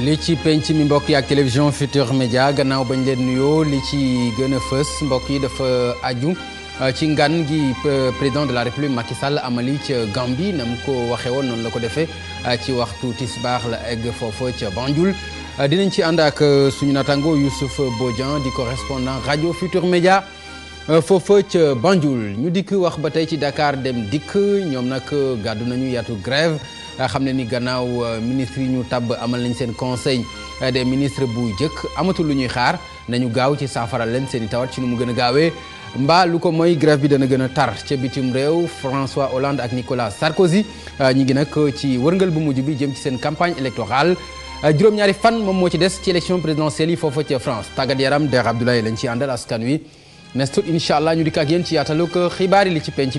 li ci penc mi mbokk yi ak télévision Futur Média gannaaw bañ leen nuyoo li ci gën fës mbokk yi dafa aju euh, ci ngan gi euh, président de la république Macky Sall amali ca Gambie nam mu ko waxee woon noonu la ko defee euh, ci waxtu tisbaar la egg foofa ca Banjul dinañ ci ànd ak suñu natango Youssouf Bodian di correspondant rajo Futur Média foofa ca Banjul ñu dikk wax ba tey ci Dakar dem dikk ñoom nag gàddu nañu yaatu grève xam ne ni gannaaw euh, ministre yi ñu tàbb amal nañ seen conseil euh, de ministres bu jëkk amatul lu ñuy xaar nañu gaaw ci saafara leen seen i tawat ci nu mu gën a gaawee mbaa lu ko mooy grève bi dana gën a tar ca bitim réew François Hollande ak Nicolas Sarkozy euh, ñi ngi nag ci wërngal bu mujj bi jëm ci seen campagne électorale juróom-ñaari fan moom moo ci des ci élection présidentielle yi foofa ca France tàggat yaram de Abdoulaye lañ ci àndal askan wi nes tout incha allah ñu dikk ci yaatalu xibaar yi li ci penc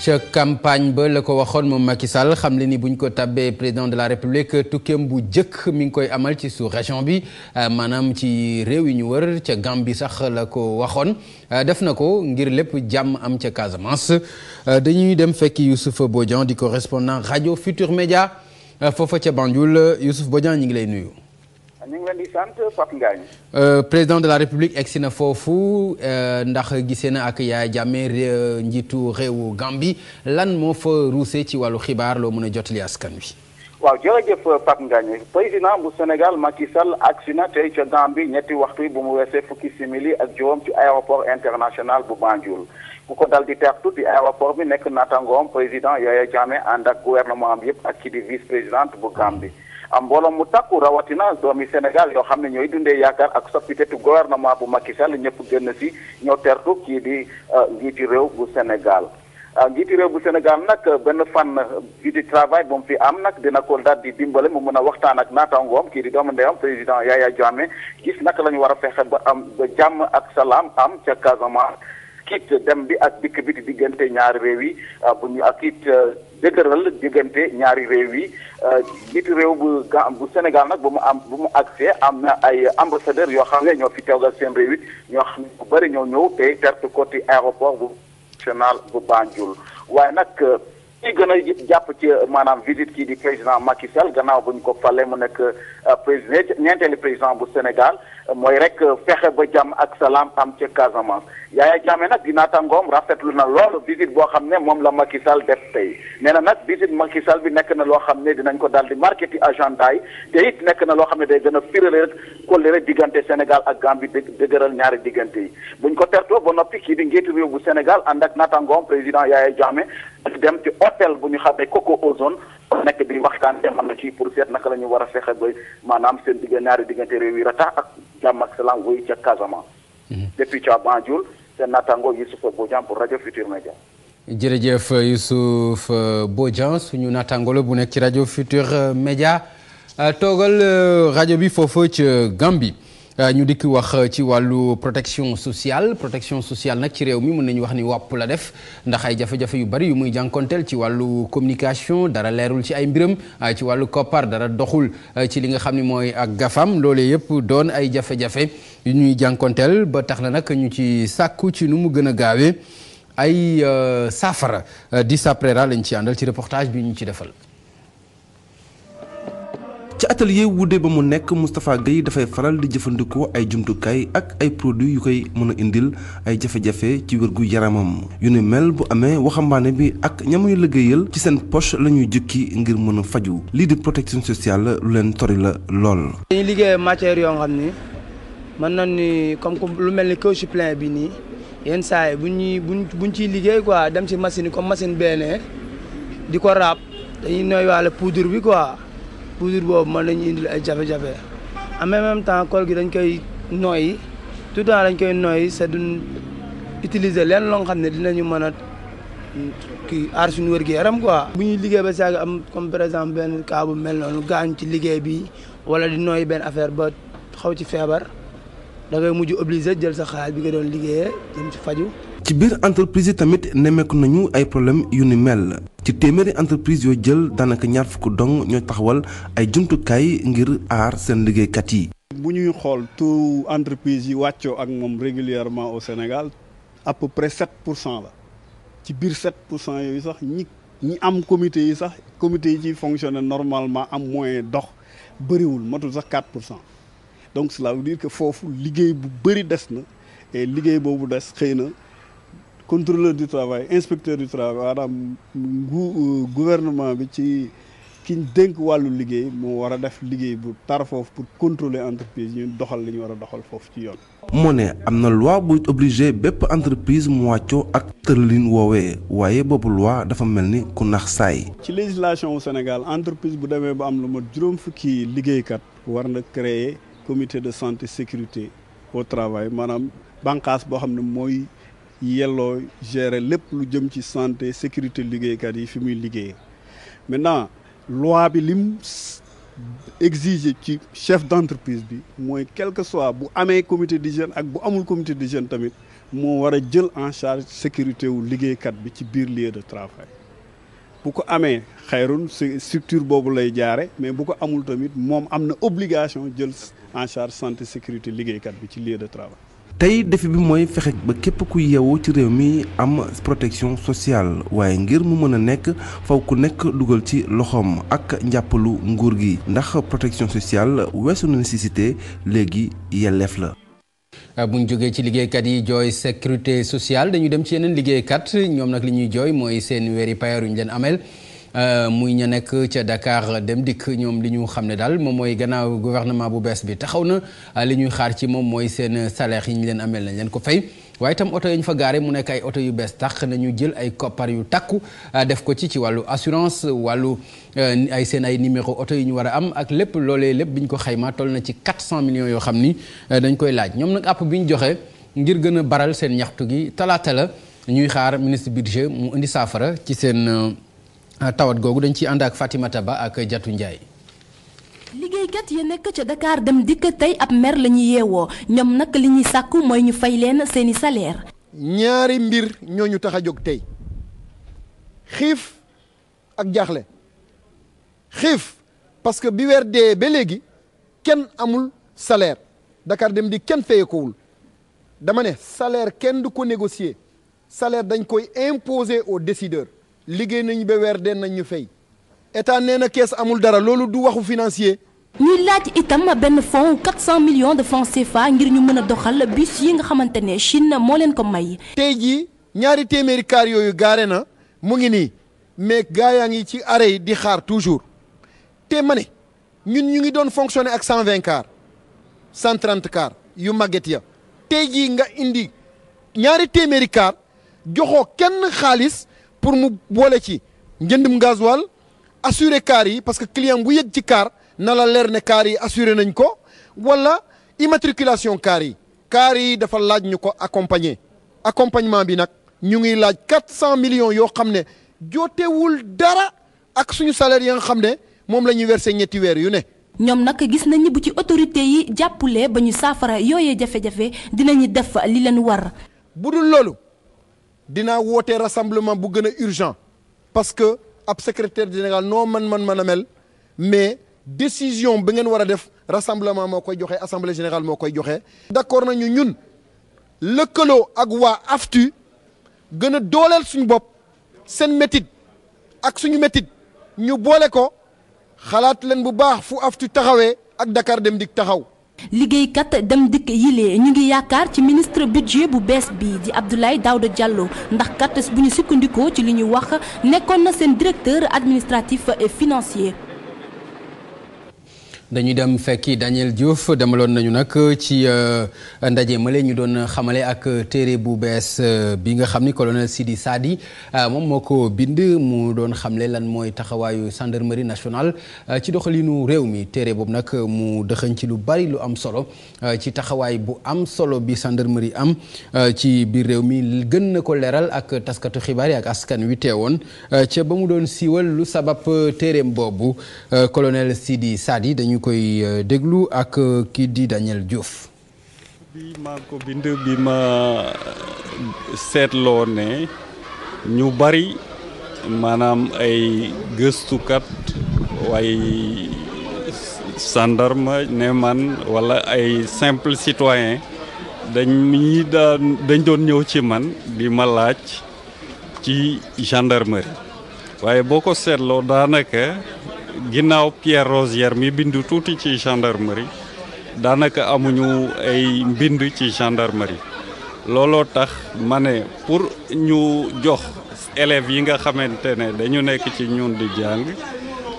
ca campagne ba la ko waxoon moom Macky Sall xam le ni bu ñu ko tabbee président de la république tukkeem bu jëkk mi ngi koy amal ci sous région bi euh, maanaam ci réew yi ñu wër ca Gambie sax la ko waxoon euh, def na ko ngir lépp jàmm am ca Casamance euh, dañuy dem fekki Youssouf Bodian di correspondant radio Futur Média foofa ca Banjul Youssouf Bodian ñu ngi lay nuyu ñu ngi di sant Pape Ngagne euh, président de la république egsi na foofu euh, ndax gisee na ak Yaya Jammeh euh, njiitu réewu Gambie lan moo fa ruusee ci wàllu xibaar loo mën a jotali askan wi. waaw jërëjëf Pape Ngagne président bu Sénégal Macky Sall agsi na tey ca Gambie ñetti waxtu bu mu weesee fukki simili ak juróom ci aéroport international bu Banjul. ku ko dal di teertu di aéroport bi nekk naataangoom président Yaya Jammeh ànd ak gouvernement bi yëpp ak ki présidente bu Gambie. am mbooloo mu takku rawatina doomi Sénégal yoo xam ne ñooy dundee yaakaar ak soppitetu gouvernement bu Macky Sall ñëpp génn si ñoo tertu kii di euh, njiiti réew bu Sénégal. Euh, njiiti réew bu Sénégal nag benn fan bi di travail bu mu fi am nag dina ko daal di dimbale mu mën a waxtaan ak naataangoom kii di doomu ndeyam président Yaya Jammeh gis naka lañu ñu war a fexe ba am ba jàmm ak salaam am ca Casamance. kiit dem bi ak dikk bi diggante ñaari réew yi ah, bu ñu ak it ah, dëgëral diggante ñaari réew yi ah, jiitu réew bu bu Sénégal nag bu mu am bu mu accès am na ay ambassadeur yoo xam ne ñoo fi teewgal seen réew it ñoo xam ne bu bëri ñoo ñëw te tertu côté aéroport bu national bu Banjul waaye nag ci gën a jàpp ci maanaam visite kii di président Macky Sall gannaaw bu ñu ko palee mu nekk euh, président ñeenteeli président bu Sénégal mooy rek euh, fexe ba jàmm ak salaam am ca Casamance. Yaya jàmmee nag di naataangoom rafetlu na loolu visite boo xam ne moom la Macky Sall def tey nee na nag visite Macky Sall bi nekk na loo xam ne dinañ ko daal di marqué ci yi te it nekk na loo xam ne day gën a firale rek kóllëre diggante Sénégal ak Gambie dëgërël ñaari diggante yi. buñ ko tertoo ba noppi kii di njiitu bu Sénégal ànd ak naataangoom président Yaya Jammeh. ak dem ci hôtel bu ñu xamee Coco Ozone nekk di waxtaan dem am na ci pour seet naka la ñu war a fexe ba maanaam seen diggante ñaari diggante réew yi ratax ak jàmm ak salaam wuyu ca Casamance. Mhm. depuis ca Banjul seen naataango Youssouf Bodian pour rajo Futur Media. jërëjëf euh, Youssouf euh, Bodian suñu naataango bu nekk ci rajo Futur euh, Media toogal rajo bi foofu ca Gambie. Euh, ñu dikk wax euh, ci wàllu protection sociale protection sociale nag ci réew mi mën nañu wax ni wàpp la def ndax ay jafe-jafe yu bari yu muy jànkonteel ci wàllu communication dara leerul ci ay mbiram euh, ci wàllu koppar dara doxul ci li nga xam ni mooy ak gafam loole yëpp doon ay jafe-jafe yu ñuy jànkonteel ba tax na nag ñu ci sàkku ci nu mu gën a gaawee ay saafara di saprera lañ ci àndal ci reportage bi ñu ci defal ci atelier wuude ba mu nekk Moustapha Guèye dafay faral di jëfandikoo ay jumtukaay ak ay produits yu koy mën a indil ay jafe-jafe ci wérgu yaramam yu ni mel bu amee waxambaane bi ak ñamuy liggéeyal ci seen poche la ñuy jukki ngir mën faju lii di protection sociale lu leen tori la lool. dañuy liggéey matière yoo xam ni mën nañ ni comme lu mel ni caoutchouc bi nii yenn saa yi bu ñuy buñ ciy liggéey quoi dem ci machine yi comme machine benn di ko raab dañuy noyyiwaale bi quoi. poudre boobu mën nañu indil ay jafe-jafe en même temps kool gi dañ koy nooyi tout temps dañ koy nooyi c'est dun utiliser leen loo xam ne dinañu mën a kii aar suñu wér gi yaram quoi. bu ñuy liggéey ba saag am comme par exemple benn cas bu mel noonu gaañ ci liggéey bi wala di nooyi benn affaire ba xaw ci feebar da ngay mujj obligé jël sa xaalis bi nga doon liggéeyee jëm ci faju ci biir entreprise yi tamit nemmeeku nañu ay problème yu ni mel ci téeméeri entreprise yoo jël daanaka ñaar fukk dong ñoo taxawal ay jumtukaay ngir aar seen liggéeykat yi. bu ñuy xool taux entreprise yi wàccoo ak moom régulièrement au Sénégal à peu près 7 pour cent la ci biir 7 pour cent yooyu sax ñi ñi am comité yi sax comité yi ciy fonctionner normalement am moyen dox bëriwul matul sax 4 pour cent donc cela veut dire que foofu liggéey bu bëri des na et liggéey boobu des xëy na. contrôleur du travail inspecteur du travail maanaam euh, gouvernement bi ci ki dénk wàllu liggéey moo war a def liggéey bu tar foofu pour contrôler entreprise ñu doxal li ñu war a doxal foofu ci yoon. moo ne am na loi buy obligé bépp entreprise mu wàccoo ak tëralin woowee waaye boobu loi dafa mel ni ku nax saay. ci législation wu Sénégal entreprise bu demee ba am lu ma juróom fukki liggéeykat war na créer comité de santé sécurité au travail maanaam bànqaas boo xam ne mooy. yelloo gérer lépp lu jëm ci santé sécurité liggéeykat yi fi muy liggéey maintenant loi bi lim exiger ci chef d'entreprise bi mooy quelque que soit bu amee comité d'hygiène ak bu amul comité d'hygiène tamit moo war a jël en charge sécurité wu liggéeykat bi ci biir lieu de travail bu ko amee xayrun structure boobu lay jaare mais bu ko amul tamit moom am na obligation jël en charge santé sécurité liggéeykat bi ci lieu de travail tey défi bi mooy fexe ba képp ku yeewoo ci réew mi am protection sociale waaye ngir mu mën a nekk faw ku nekk dugal ci loxoom ak njàppalu nguur gi ndax protection sociale weesu na nécessité léegi yelleef la. Ah, bu ñu jógee ci liggéeykat yi jooy sécurité sociale dañu dem ci yeneen liggéeykat ñoom nag li ñuy jooy mooy seen weeri payoor yu ñu leen ameel. Euh, muy ña nekk ca Dakar dem dikk ñoom li ñu xam ne daal moom mooy gannaaw gouvernement bu bees bi taxaw na euh, li ñuy xaar ci moom mooy seen salaire yi ñu leen amel nañ leen ko fay waaye tam oto yi ñu fa gaare mu nekk ay oto yu bees tax nañu jël ay koppar yu takku euh, def ko ci ci wàllu assurance wàllu ay seen ay numéro oto yi ñu war a am ak lépp loolee lépp bi ñu ko xayma toll na ci 400 millions yoo xam ni dañ koy laaj ñoom nag àpp bi ñu joxe ngir gën a baral seen ñaxtu gi talaata la ñuy xaar ministre budget mu indi saafara ci seen. tawat googu dañ ciy ànd ak Fatimata Ba ak Jatu Ndiaye. liggéeykat ya nekk ca Dakar dem dikk tey ab mer la ñu yeewoo ñoom nag li ñuy sàkku mooy ñu fay leen seeni salaire. ñaari mbir ñoo ñu tax a jóg tey xiif ak jaaxle xiif parce que bi weer dee ba léegi kenn amul salaire Dakar dem di kenn fayekowul dama ne salaire kenn du ko négocier salaire dañ koy imposer aux décideurs. liggéey nañu ba weer dee nañ ñu fay état nee na kees amul dara loolu du waxu financier. ñuy laaj itam benn fonds 400 millions de francs CFA ngir ñu mën a doxal bi yi nga xamante ne Chine moo leen ko may. tey jii ñaari téeméeri kaar yooyu gaare na mu ngi nii mais gaa yaa ngi ci arrêt yi di xaar toujours te ma ne ñun ñu ngi doon fonctionner ak 120 kaar 130 kaar yu màgget ya tey jii nga indi ñaari téeméeri kaar joxo kenn xaalis. pour mu boole ci njëndum gasoil assurer car yi parce que client bu yëg ci car na la leer ne car yi assurer nañ ko wala immatriculation car yi car yi dafa laaj ñu ko accompagner accompagnement bi nag ñu ngi laaj quatre cent millions yoo xam ne jootewul dara ak suñu salaire yi nga xam ne moom la ñuy verser ñetti weer yu ne. ñoom nag gis nañ ni bu ci autorité yi jàppulee ba ñu saafara yooyee jafe-jafe dinañu def li leen war. bu dul loolu. dinaa wootee rassemblement bu gën a urgent parce que ab secrétaire général noo man man man a mel mais décision bi ngeen war a def rassemblement moo koy joxe assemblée général moo koy joxe. d'accord nañu ñun lëkkaloo ak waa AFTU gën a dooleel suñu bopp seen métit ak suñu métit ñu boole ko xalaat leen bu baax fu AFTU taxawee ak Dakar Dem Dikk taxaw. liggéeykat dem dikk yile ñu ngi yaakaar ci ministre budget bu bees bi di Abdoulaye Daouda Diallo ndax kat bu ñu sukkandikoo ci li ñuy wax nekkoon na seen directeur administratif et financier dañuy dem fekki Daniel Diouf demaloon nañu nag ci euh, ndaje ma male ñu doon xamale ak téere bu bees euh, bi nga xam ni colonel Sidi Sadi euh, moom moo ko bind mu doon xamle lan mooy taxawaayu gendarmerie nationale ci doxalinu réew mi téere boobu nag mu dëxëñ ci lu bari lu am solo ci taxawaay bu am solo bi gendarmerie am ci biir réew mi gën na ko leeral ak taskatu xibaar yi ak askan wi teewoon ca ba mu doon siiwal lu sabab téereem boobu colonel Sidi Sadi dañu koy euh, déglu ak euh, kii di Daniel Diouf. bi maa ko bind bi ma euh, seetloo ne ñu bari maanaam ay gëstukat waaye gendarme ne man walla ay simple citoyen dañ ñi dañ doon ñëw ci man bi ma laaj ci gendarmerie waaye boo ko seetloo daanaka ginnaaw Pierre Rosière mi bindu tuuti ci gendarmerie daanaka amuñu ay mbind ci gendarmerie looloo tax ma ne pour ñu jox élèves yi nga xamante ne dañu nekk ci ñun di jàng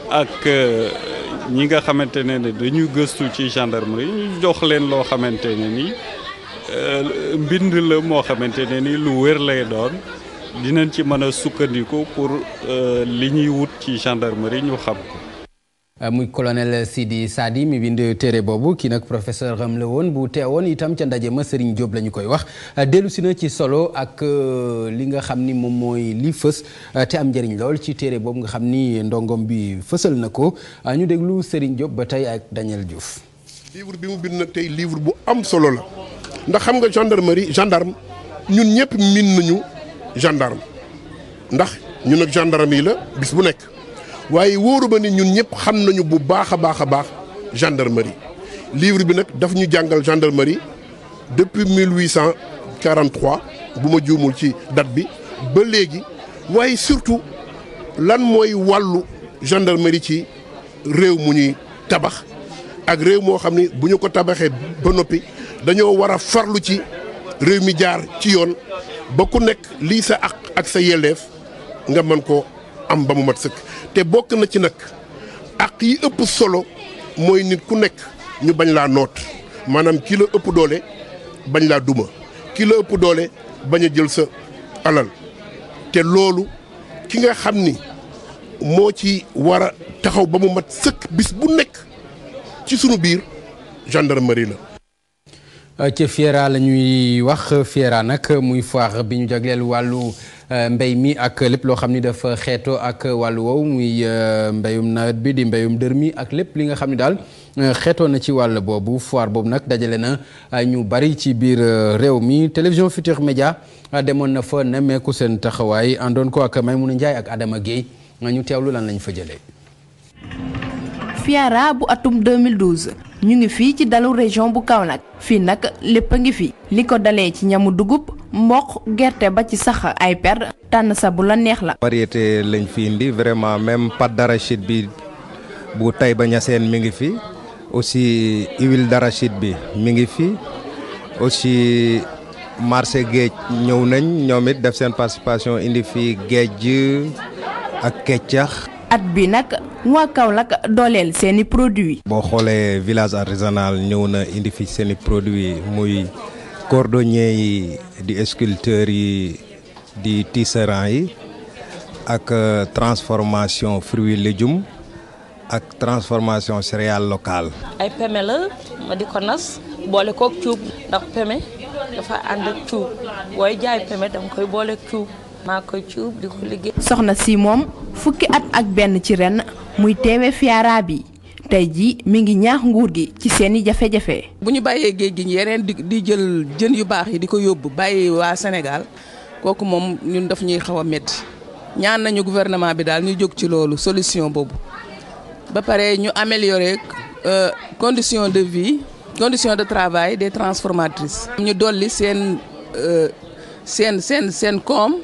ak euh, ñi nga xamante ne ne dañuy gëstu ci gendarmerie ñu jox leen loo xamante ne nii euh, mbind la moo xamante ne ni lu wér lay doon dinañ ci mën a sukkandiku pour euh, li ñuy wut ci gendarmerie ñu xam Euh, muy colonel Sidi Sadi mi bind téere boobu kii nag professeur am la woon bu teewoon itam ca ndaje ma Serigne Diop la ñu koy wax euh, dellu si na ci solo ak euh, li nga xam ni moom mooy lii fës te am njëriñ lool ci téere boobu nga xam ni ndongom bi fësal na ko ñu déglu Serigne jóob ba tey ak Daniel Diouf. livre bi mu bind nag tey livre bu am solo la ndax xam nga gendarmerie gendarme ñun ñëpp miin nañu gendarme ndax ñu ak gendarme yi la bis bu nekk. waaye wóoru ma ni ñun ñëpp xam nañu bu baax a baax a baax gendarmerie livre bi nag daf ñu jàngal gendarmerie depuis 1843 bu ma juumul ci dat bi ba léegi waaye surtout lan mooy wàllu gendarmerie ci réew mu ñuy tabax ak réew moo xam ni bu ñu ko tabaxee ba noppi dañoo war a farlu ci réew mi jaar ci yoon ba ku nekk lii sa àq ak sa yelleef nga mën ko am ba mu mat sëkk te bokk na ci nag ak yi ëpp solo mooy nit ku nekk ñu bañ laa noot maanaam ki la ëpp doole bañ laa duma ki ëpp doole bañ a jël sa alal te loolu ki nga xam ni moo ci war a taxaw ba mu mat sëkk bis bu nekk ci sunu biir gendarmerie la. ca Fiera la ñuy wax Fiera nag muy foire bi ñu jagleel wàllu euh, mbéy mi ak lépp loo xam ni dafa xeetoo ak wàllu wow muy euh, mbéyum nawet bi di mbéyum dër mi ak lépp li nga xam ni daal euh, xeetoo na ci wàll boobu foire boobu nag dajale na ñu bari ci biir réew mi télévision Futur Média demoon na fa nemmeeku seen taxawaay àndoon ko ak munu Ndiaye ak Adama Guèye ñu teewlu lan lañ fa jëlee. FIARA bu atum 2012 ñu ngi fii ci dalu région bu kaw Kaolack fii nag lépp a ngi fi li ko dalee ci ñamu dugub mboq gerte ba ci sax ay per tànn sa bu la neex la. variété lañ fi indi vraiment même pâte d'arachide bi bu Taïba Niassène mi ngi fi aussi huile d'arachide bi mi ngi fi aussi marché géej ñëw nañ ñoom it def seen participation indi fi géej ak keccax at bi nag waa Kaolack dooleel seen i produits. boo xoolee village artisanal ñëw na indi fi seen i produits muy cordonnier yi di sculpteurs yi di tisserand yi ak euh, transformation fruits légumes ak transformation céréales locales. ay peme la ma di ko nas boole kook cuub ndax peme dafa ànd ak cuub booy jaay peme danga koy boole cuub. maa koy cuub di soxna si moom fukki at ak benn ci ren muy teewe fiara bi tey jii mi ngi ñaax nguur gi ci seen i jafe-jafe. bu ñu bàyyee géej gi yeneen di di jël jën yu baax yi di ko yóbbu bàyyi waa Sénégal kooku moom ñun daf ñuy xaw a métti ñaan nañu gouvernement bi daal ñu jóg ci loolu solution boobu ba pare ñu améliorer euh, condition de vie condition de travail des transformatrices. ñu dolli seen euh, seen seen seen koom.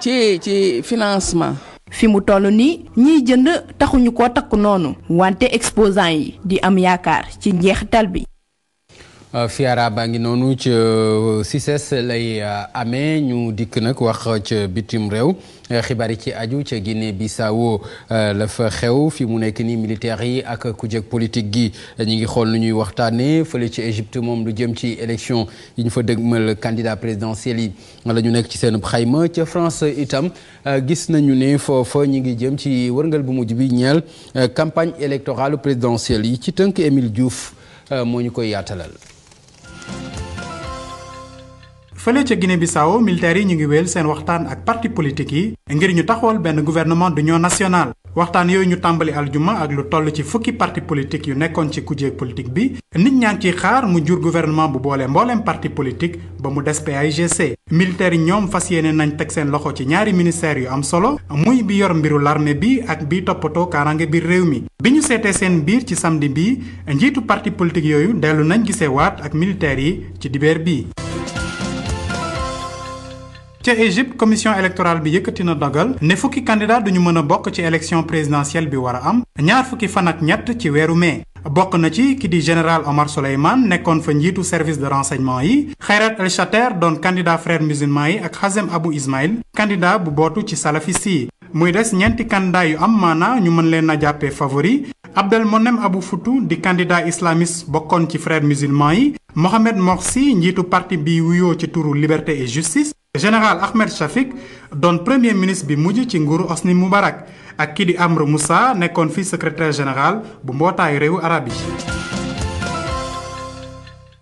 ci ci financement. fi mu toll nii ñiy jënd taxuñu ko takk noonu wante exposant yi di am yaakaar ci tal bi. Euh, Fiara baa ngi noonu ca euh, CICES lay euh, amee ñu dikk nag wax ca bitim réew xibaar yi ci aju ca Guinée Bissau la fa xew fi mu nekk nii militaire yi ak ku kujeg politique gi ñu ngi xool nu ñuy waxtaanee fële ci Égypte moom lu jëm ci élection yi ñu fa dëgmal candidat présidentiel yi la ñu nekk ci seen xayma ca France itam gis nañu ne foofa ñu ngi jëm ci wërngal bu mujj bi ñeel campagne électorale présidentielle yi ci tënk Émile Diouf moo ñu koy yaatalal. fële ca Guinée Bissau militaires yi ñu ngi wéel seen waxtaan ak parti politique yi ngir ñu taxawal benn gouvernement d'union nationale waxtaan yooyu ñu tàmbali aljuma ak lu toll ci fukki parti politique yu nekkoon ci kujéeg politique bi nit ñaa ngi ciy xaar mu jur gouvernement bu boole mbooleem parti politique ba mu des PAIGC militaires yi ñoom fas yéene nañ teg seen loxo ci ñaari ministères yu am solo muy bi yor mbiru larme bi ak bi toppatoo kaaraange biir réew mi bi ñu seetee seen biir ci samedi bi njiitu parti politique yooyu dellu nañ gisee waat ak militaires yi ci dibeer bi ca Égypte commission électorale bi yëkkati na dogal ne fukki candidat duñu mën a bokk ci élection présidentielle bi war am ñaar fukki fan ak ñett ci weeru mais bokk na ci ki di général Omar Souleymane nekkoon fa njiitu service de renseignement yi Khayrat El Chater doon candidat frère musulman yi ak Hazem abu Ismail candidat bu bootu ci salafis yi muy des ñeenti candidat yu am maanaa ñu mën leen a jàppee favori Abdel Monem abu Foutou di candidat islamiste bokkoon ci frère musulman yi Mohamed Morsi njiitu parti bi wuyoo ci turu liberté et général Ahmed Shafik doon premier ministre bi mujj ci nguuru Hosni Moubarak ak kii di Amr Moussa nekkoon fii secretaire général bu mbootaay réewu arab yi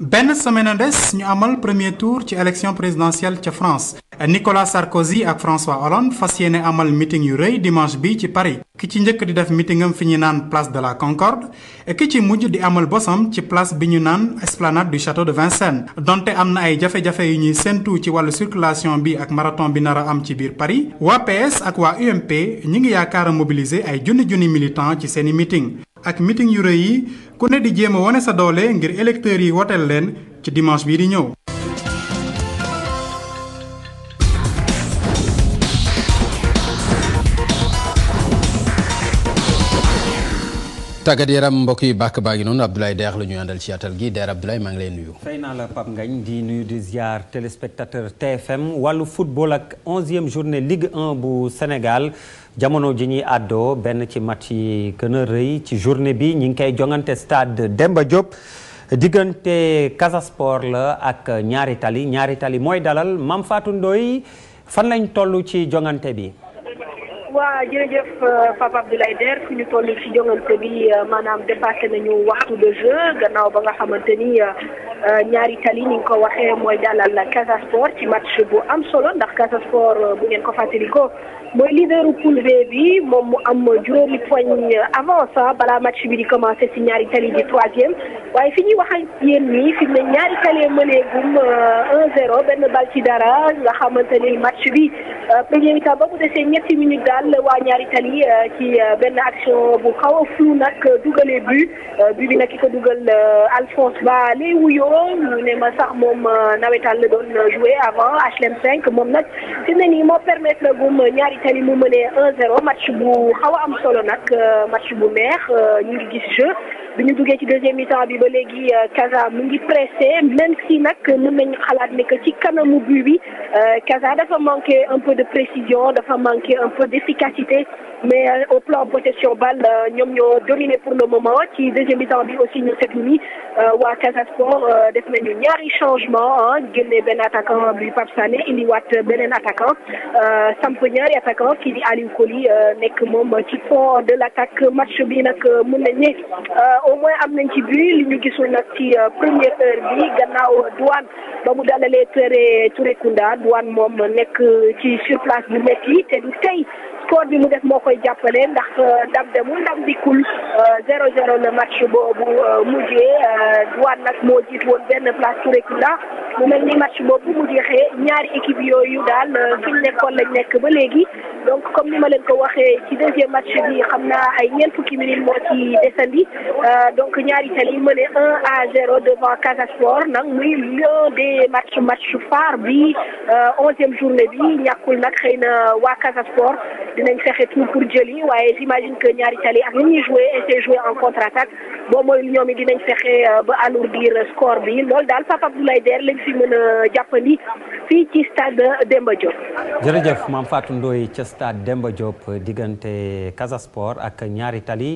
benn semaine des ñu amal premier tour ci élection présidentielle ca France Nicolas Sarkozy ak François Hollande fas yéene amal meeting yu rëy dimanche bi ci Paris ki ci njëkk di def meetingam fi ñu naan place de la Concorde ki ci mujj di amal bosam ci place bi ñu naan esplanade du château de Vincennes donte am na ay jafe-jafe yu ñuy séntu ci wàllu circulation bi ak maraton bi nar a am ci biir Paris waa PS ak waa UMP ñu ngi yaakaar a mobiliser ay junni junni militant ci seeni meeting ak meeting yu yi ku ne di jéem a wane sa doole ngir électeurs yi woteel leen ci dimanche bii di ñëw. tàggat yaram mbokk yi bàkk baa ngi noonu Abdoulaye Deex la ñuy àndal ci atal gi Deer Abdoulaye maa ngi lay nuyu. fay naa la Pape Ngagne di nuyu di ziar téléspectateur TFM wàllu football ak onzième journée Ligue en bu senegal jamono ji ñuy àddoo benn ci match yi gën rëy ci journée bi ñi ngi koy jongante stade Demba Diop diggante Casa Sport la ak ñaari tali ñaari tali mooy dalal Mame Fatou fan lañ toll ci jongante bi. waa jërëjëf euh, Papa Abdoulaye Der fi ñu toll ci jongante bi euh, maanaam dépassé nañu waxtu de jeu gannaaw ba nga xamante ni. Euh, Euh, ñaari tali ni nga ko waxee mooy dalal Casa Sport ci match bu am solo ndax Casa Sport euh, bu ngeen ko fàttalikoo mooy leaderu poule B bi moom mu am juróomi poñ avance ah, balaa match bi di commencé si ñaari tali di troisième waaye fi ñuy wax ak yéen nii fi mu ne ñaari tali mëneegum 1-0 euh, benn bal ci dara nga xamante ni match bi premier mi-temps ba mu desee ñetti minutes daal waa ñaari tali ci benn action bu xaw a flou nag dugalee but bi bi nag ki ko dugal Nioro ne ma sax moom euh, nawetaan le doon euh, joué avant HLM 5 moom nag fi mu ne nii moo permettre gum ñaari tali mu mënee 1-0 match bu xaw a am solo nag euh, match bu neex ñu ngi gis bi ñu duggee ci deuxième mi-temps bi ba léegi euh, Casa mu ngi pressé même si nag mën nañu xalaat ne que ci kanamu but bi euh, Casa dafa manqué en pou de précision dafa manqué un peu d'efficacité mais euh, au plan possession balle ñoom ñoo dominé pour le moment ci deuxième mi-temps bi aussi ñu seetlu ni waa Casa Sport def nañu ñaari changement ah génne benn attaquant bi Pape Sané indiwaat beneen attaquant samp ñaari attaquant kii di Aliou Koli nekk moom ci fond de l'attaque match bi nag mën nañu au moins am nañ ci biir li ñu gisul nag ci euh, première heure bi gannaaw douane ba mu dalalee tere Turekunda douane moom nekk euh, ci sur place bu métti te du tey sport bi mu def moo koy jàppale ndax euh, ndam demul ndam dikkul zéro zéro le match boobu mujjee douane nag moo jiit woon benn place Turekunda mu mel ni match boobu mu jeexee ñaari équipe yooyu daal euh, fi ñu nekkoon lañ nekk ba léegi donc comme ni ma leen ko waxee ci deuxième match bi xam naa ay ñeent fukki minutes moo ci desandi euh, donc ñaari tali mené un à zéro devant Casa Sport nag muy l'un des matchs match phare bi euh, onzième journée bi ñàkkul nag xëy na waa Casa Sport dinañ fexe tout pour jëli waaye j'imagine que ñaari tali ak ni ñuy joué et c'est joué en contre-attaque boo mooy ñoom dinañ fexe euh, ba alourdir score bi loolu daal Pape Der lañ fi mën a jàppandi fii ci stade Demba Diop. jërëjëf maam Fatou Ndoye ca stade Demba Diop diggante Casa ak ñaari tali.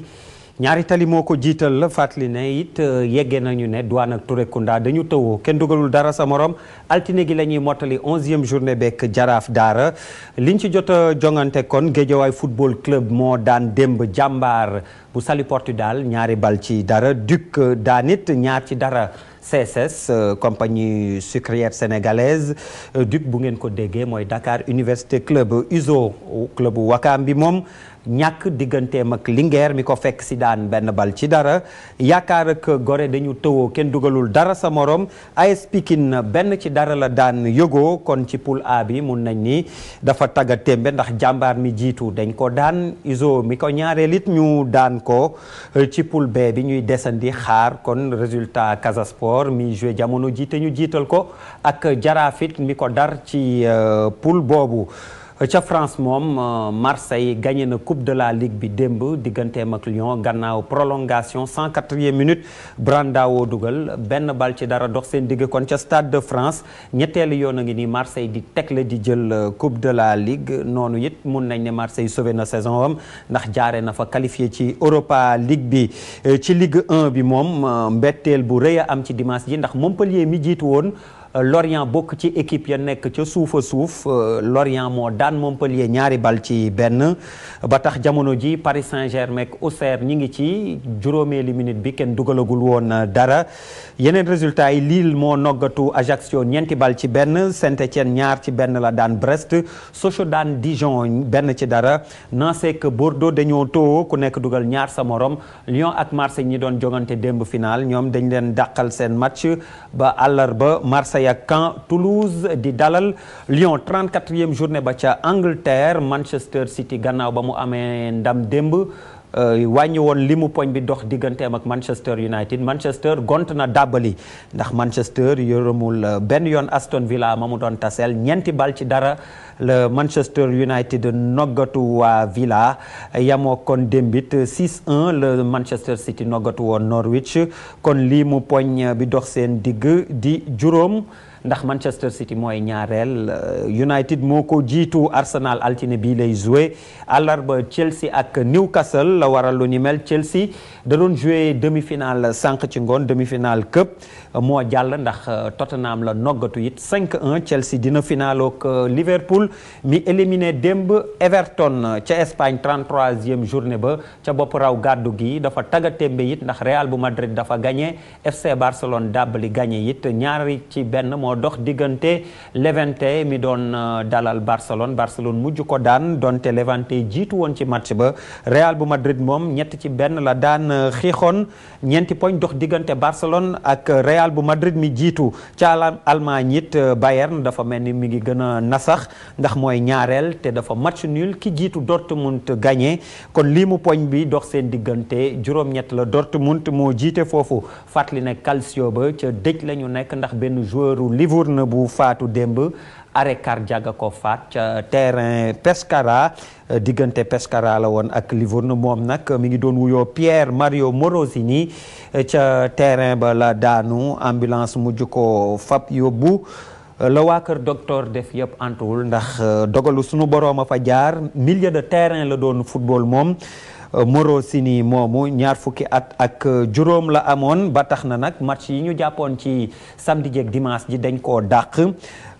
ñaari tali moo ko jiital la fàttali ne it euh, yegge nañu ne douane ak Torékunda dañu tëwoo kenn dugalul dara sa moroom altine gi la ñuy mottali onzième journée bekk jaraaf daara liñ ci jot a jongante kon Géejawaay football club moo daan démb jàmbaar bu Saly Portudal ñaari bal ci dara duc daanit ñaar ci dara CSS euh, compagnie sucrière sénégalaise euh, duc bu ngeen ko déggee mooy Dakar Université Club uso club Wakaam moom ñàkk diggante mag Linguère mi ko fekk si daan benn bal ci dara yaakaar ak Gorée dañu tëwoo kenn dugalul dara sa morom AS na benn ci dara la daan yëgoo kon ci poule A bi mun nañ ni dafa tagga témbe ndax jàmbaar mi jiitu dañ ko daan iso mi ko ñaareel it ñu daan ko euh, ci poule B bi ñuy desandi xaar kon résultat Casa Sport mi joué jamono jiite ñu jiital ko ak jaraafit mi ko dar ci euh, poule boobu ca France moom euh, Marseille gagné na coupe de la ligue bi démb digganteem ak Lyon gannaaw prolongation 104e minute Brandao dugal benn bal ci dara dox seen digg kon ca stade de France ñetteelu yoon a ngi nii Marseille di teg la di jël euh, coupe de la ligue noonu it mun nañ ne Marseille sauvé na saison am ndax jaare na fa qualifié ci Europa League bi euh, ci Ligue 1 bi moom mbetteel bu rëy a am ci dimanche ji ndax Montpellier mi jiitu woon. Euh, Lorient bokk ci équipe ya nekk ca suuf a euh, suuf Lorient moo daan Montpellier ñaari bal ci benn ba tax jamono ji Paris Saint-Germain ak Auxerre ñi ngi ci juróomeeli minute bi kenn dugalagul woon euh, dara yeneen résultat yi lii moo noggatu Ajaccio ñeenti bal ci benn Saint-Étienne ñaar ci benn la daan Brest Sochaux daan Dijon benn ci dara Nancy ak Bordeaux dañoo too ku nekk dugal ñaar sa morom Lyon ak Marseille ñi doon jogante démb final ñoom dañ leen dàqal seen match ya Caen Toulouse di dalal Lyon 34e journée ba ca Angleterre Manchester City gannaaw ba mu amee ndam démb Euh, wàññi woon limu poñ bi dox digganteem ak Manchester United Manchester gont na dàbbali ndax Manchester yërëmul euh, benn yoon Aston Villa ma mu doon taseel ñeenti bal ci dara le Manchester United noggatu waa Villa yamoo kon démbit 6-1 euh, le Manchester City noggatu woon Norwich kon lii mu bi dox seen digg di juróom ndax Manchester City mooy ñaareel euh, United moo ko jiitu Arsenal altine bii lay joué àllarba Chelsea ak Newcastle la waral lu ni mel Chelsea da doon joué demi-finale sànq ci ngoon demi-finale cup moo jàll ndax euh, Tottenham la noggatu it 5-1 Chelsea dina finale ak euh, Liverpool mi éliminé démb Everton ca Espagne 33e journée ba ca bopp raw gàddu gi dafa tagga témbe it ndax Real bu Madrid dafa gagné FC Barcelone dàbbali gagné it ñaari ci benn moo dox diggante Levante mi doon euh, dalal Barcelone Barcelone mujj ko daan donte Levante jiitu woon ci match ba Real bu Madrid moom ñett ci benn la daan euh, xiixoon ñeenti poñ dox diggante Barcelone ak Real bu Madrid mi jiitu ca Allemagne it euh, Bayern dafa mel ni mi ngi gën a nasax ndax mooy ñaareel te dafa match nul ki jiitu Dortmund gañe kon lii mu poñ bi dox seen diggante juróom-ñett la Dortmund moo jiite foofu fàttali ne Calcio ba ca dëj la nekk ndax benn na bu faatu démb arrêt cardiaque ko faat ca terrain Pescara euh, diggante Pescara la woon ak Livourne moom nag mi ngi doon wuyoo Pierre Mario Morosini euh, ca terrain ba la daanu ambulance mujj ko fab yobbu euh, la waa kër docteur def yëpp antuwul ndax dogalu sunu boroom a fa jaar milieu de terrain la doon football moom Morosini moomu ñaar fukki at ak juróom la amoon ba tax na nag match yi ñu jàppoon ci samedi jeeg dimanche ji dañ koo dàq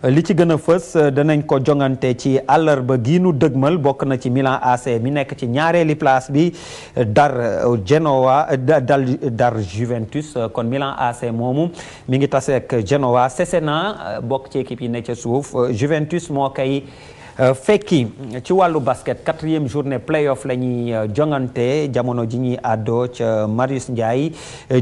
li ci gën a fës danañ ko jongante ci àllarba gii nu dëgmal bokk na ci Milan AC mi nekk ci ñaareeli place bi dar Genoa dal dar Juventus kon Milan AC moomu mi ngi taseek Genoa Cesena bokk ci équipe yi ne ca suuf Juventus moo koy Euh, fekki ci wàllu basket quatrième journée playoff la ñuy euh, jongante jamono ji ñuy àddoo ca euh, Marius Ndiaye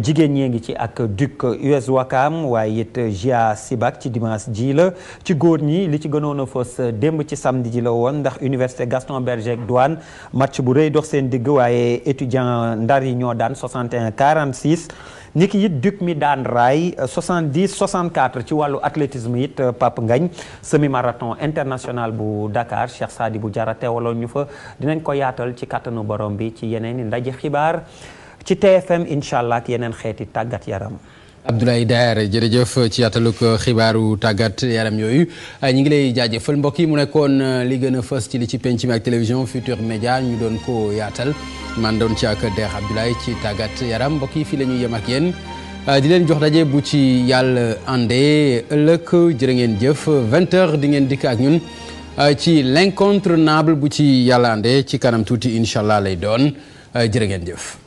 jigéen ñee ngi ci ak Duc US Wakam waaye it Gia Sibak ci dimanche ji la ci góor ñi li ci gënoon a fës démb ci samedi ji la woon ndax université Gaston Berger ak match bu rey dox seen digg waaye étudiant ndar yi ñoo daan 61 46 ni ki it duc mi daan raay 70 64 ci wàllu athlétisme it euh, papp ngañ semi marathon international bu Dakar Cheikh Sadi bu jara teewaloon ñu fa dinañ ko yaatal ci kattanu borom bi ci yeneen i ndaje xibaar ci TFM incha allah yeneen xeeti tàggat yaram. Abdoulaye Daer jërëjëf ci yàttalug xibaaru tàggat yaram yooyu ñu ngi lay jaajëfal mbokk yi mu nekkoon euh, li gën a fës ci li ci penc mi ak télévision Futur Média ñu doon ko yaatal man doon ci ak Deex Abdoulaye ci tàggat yaram mbokk yi fii la ñuy yem ak yéen euh, di leen jox daje bu ci yàlla àndee ëllëg jërë ngeen jëf 20 di ngeen dikk ak ñun euh, ci l'incontournable bu ci yàlla àndee ci kanam tuuti incha allah lay doon jërë ngeen jëf.